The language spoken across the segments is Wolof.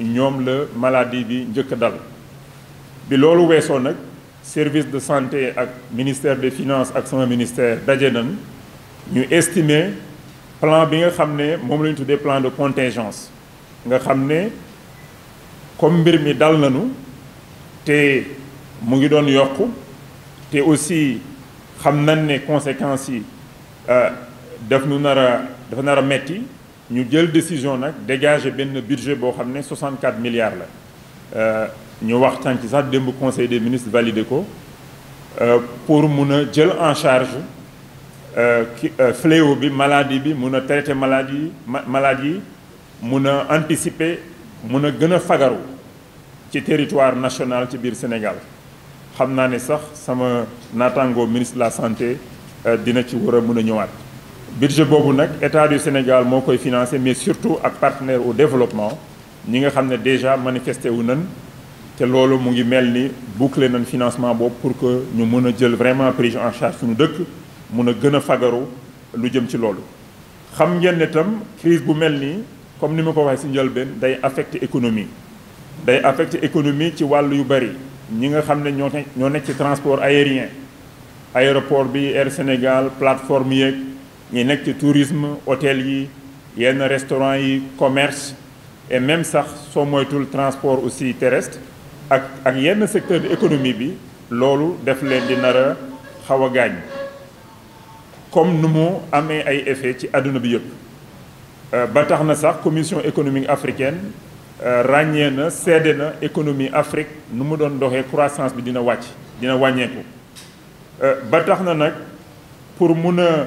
ñom la maladie bi ñëk dal bi lolu weesoo nak service de santé ak ministère des finances ak sama ministère dajé nan ñu estimer plan bi nga xamné mom moom tuddé plans plan de contingence nga xamné comme mbir mi dal nañu té mu ngi doon yokku té aussi xam nañ conséquences yi euh, def nu nara a dafa nar metti ñu jël décision de dégager un budget de 64 milliards Nous euh, ñu dit que sax démb conseil des ministres validé euh, pour mun en charge le euh, fléau bi maladie bi maladie maladie yi anticiper le a territoire national du biir Sénégal Je naa que sax sama ministre de la santé dina ci war a budget bobu nak état du Sénégal mon koy financé mais surtout ak partenaire au développement ñi nga déjà manifesté wu nous te ngi boucler nañ financement pour que ñu puissions jël vraiment prise en charge suñu dëkk mëna gëna gën fagaru lu jëm ci lolu xam ngeen né tam crise bu melni comme nous ma ko waxee si ben day affecter économie day affecter économie ci walu yu bari ñi nga xam ne ci transport aérien aéroport bi Air Sénégal plateforme ñi nekk ci tourisme hôtel yi yenn restaurant yi commerce et même sax soo moytul transport aussi terrestre ak ak yenn secteur de économie bi loolu def leen di nar a xaw a gaañ comme nu mu amee ay effet ci àdduna bi yëpp euh, ba tax na sax commission économique africaine euh, ràññee na seede na économie Afrique nu mu doon doxee croissance bi dina wàcc dina wàññeeku euh, ba tax na nag pour mun a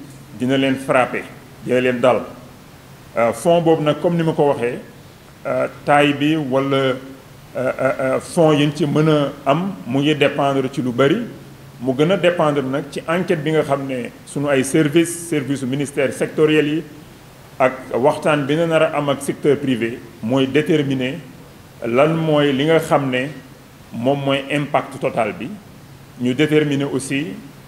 dina leen frappé dina leen dal euh, fonds boobu nag comme ni ma ko waxee euh, taille bi wala euh, fonds yi ci mën a am mu dépendre ci lu bari mu gën dépendre nag ci enquête bi nga xam ne sunu ay service service ministère sectoriel yi ak waxtaan bi na nar am ak secteur privé mooy déterminer lan mooy li nga xam ne moom impact total bi ñu déterminer aussi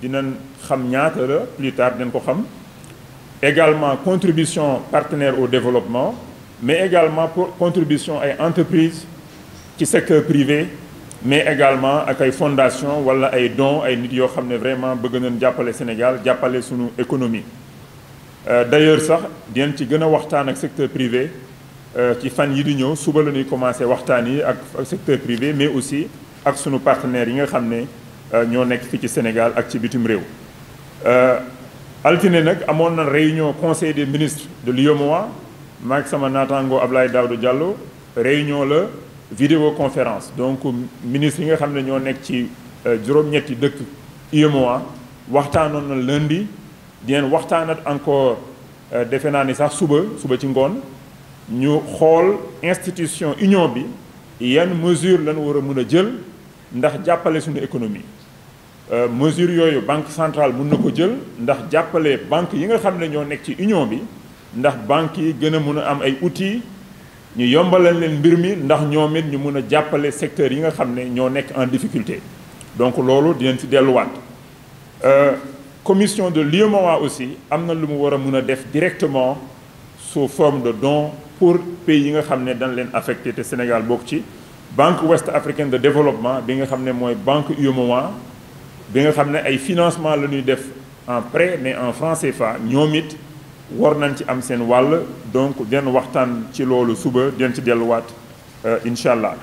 dinañ xam ñaata la plus tard dinañ ko xam également contribution partenaire au développement mais également contribution ay entreprises ci secteur privé mais également ak ay fondation wala ay dons ay nit yoo xam ne vraiment bëgg nañ jàppale Sénégal jàppale sunu économie euh, d'ailleurs sax dinañ ci gën a waxtaan ak secteur privé euh, ci fan yi di ñëw suba la ñuy commencer waxtaan ak secteur privé mais aussi ak nos partenaires yi nga xam euh, ñoo nekk fii ci Sénégal ak ci bitum réew euh, altine nag amoon na réunion conseil des ministres de l'UEMOA maag sama naataango Ablaye Daoudou Diallo réunion la vidéoconférence donc ministres yi nga xam ne ñoo nekk ci euh, juróom-ñetti dëkk UEMOA waxtaanoon na lundi dinañ waxtaanat encore defe naa ni sax suba suba ci ngoon ñu xool institution union bi yan mesure lañ war a mën a jël ndax jàppale suñu économie euh, mesure yooyu banque centrale mën nako ko jël ndax jàppale banque yi nga xamné ño nek ci union bi ndax banque yi gëna mëna am ay outils ñu yombalal leen mbir mi ndax ñoom ñu mëna a secteur yi nga xamné ño nek en difficulté donc loolu dinañ ci euh commission de l'UEMOA aussi amna lu mu wara mëna def directement sous forme de don pour pays yi nga xamné dañ leen affecté té Sénégal bok ci banque ouest africaine de développement bi nga xamné moy banque Umoa bi nga xam ne financement la en prêt mais en franc CFA ñoom it war ci am donc den waxtaan ci loolu suba den ci delluwaat euh, allah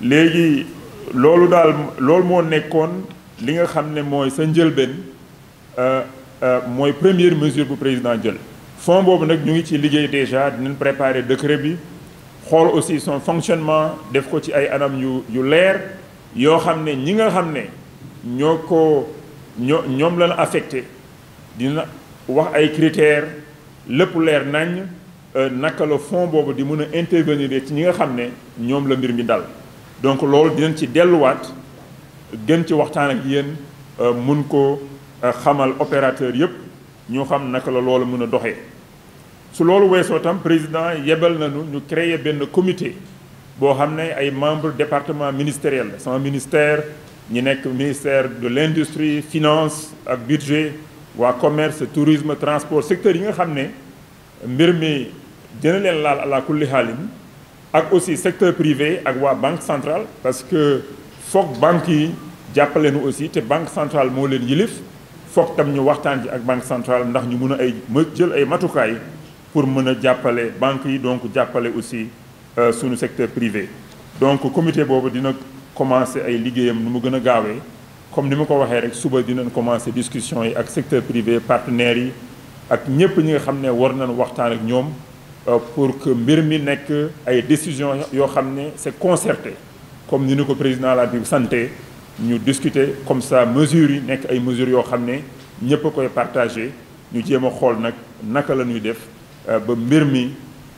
léegi loolu daal loolu moo nekkoon li nga xam ne mooy sa euh, euh, première mesure bu président jël fonds boobu nag ñu ngi ci liggéey déjà dinañ préparer décret bi xool aussi son fonctionnement def ko ci ay anam yu yu leer yoo xam ñi ñoo ko ñoo la affecté dina wax ay critères lepp leer nañ euh, naka la fond bobu di mëna a intervenir ci ñi nga xamné ñom la mbir mi dal donc loolu dinañ ci wat gën ci waxtaan ak yeen euh, mën ko euh, xamal opérateur yépp ñu xam naka la loolu mëna doxé su loolu wéso tam président yebal nañu ñu créer benn comité boo xam ne ay membres département ministériel la sama ministère ñi nekk ministère de l'industrie finance ak budget waa commerce tourisme transport secteur yi nga xam ne mbir mi dina leen laal kulli haalim ak aussi secteur privé ak waa banque centrale parce que foog banque yi jàppale aussi te banque centrale moo leen yilif foog tam ñu waxtaan ak banque centrale ndax ñu mun a ay jël ay matukaay pour mën a jàppale banque yi donc jàppale aussi euh, suñu secteur privé donc comité boobu dina commencé ay liggéeyam nu mu gën a gaawee comme ni ma ko waxee rek suba dinañ commencé discussion yi ak secteur privé partenaires yi ak ñëpp ñi nga xam ne war nañ waxtaan ak ñoom euh, pour que mbir mi nekk ay décisions yoo xam ne c'est concerté comme ni ñu ko président la bi santé ñu discuter comme ça mesures yi nekk ay mesures yoo xam ne ñëpp koy partagé ñu jéem a xool nag naka la ñuy def euh, ba mbir mi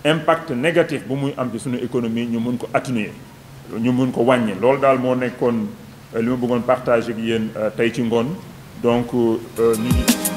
impact négatif bu muy am ci suñu économie ñu mun ko atténuer ñu mun ko wàññi loolu daal moo nekkoon euh, li ma bëggoon partage ak yéen euh, tey ci ngoon donc euh, ñu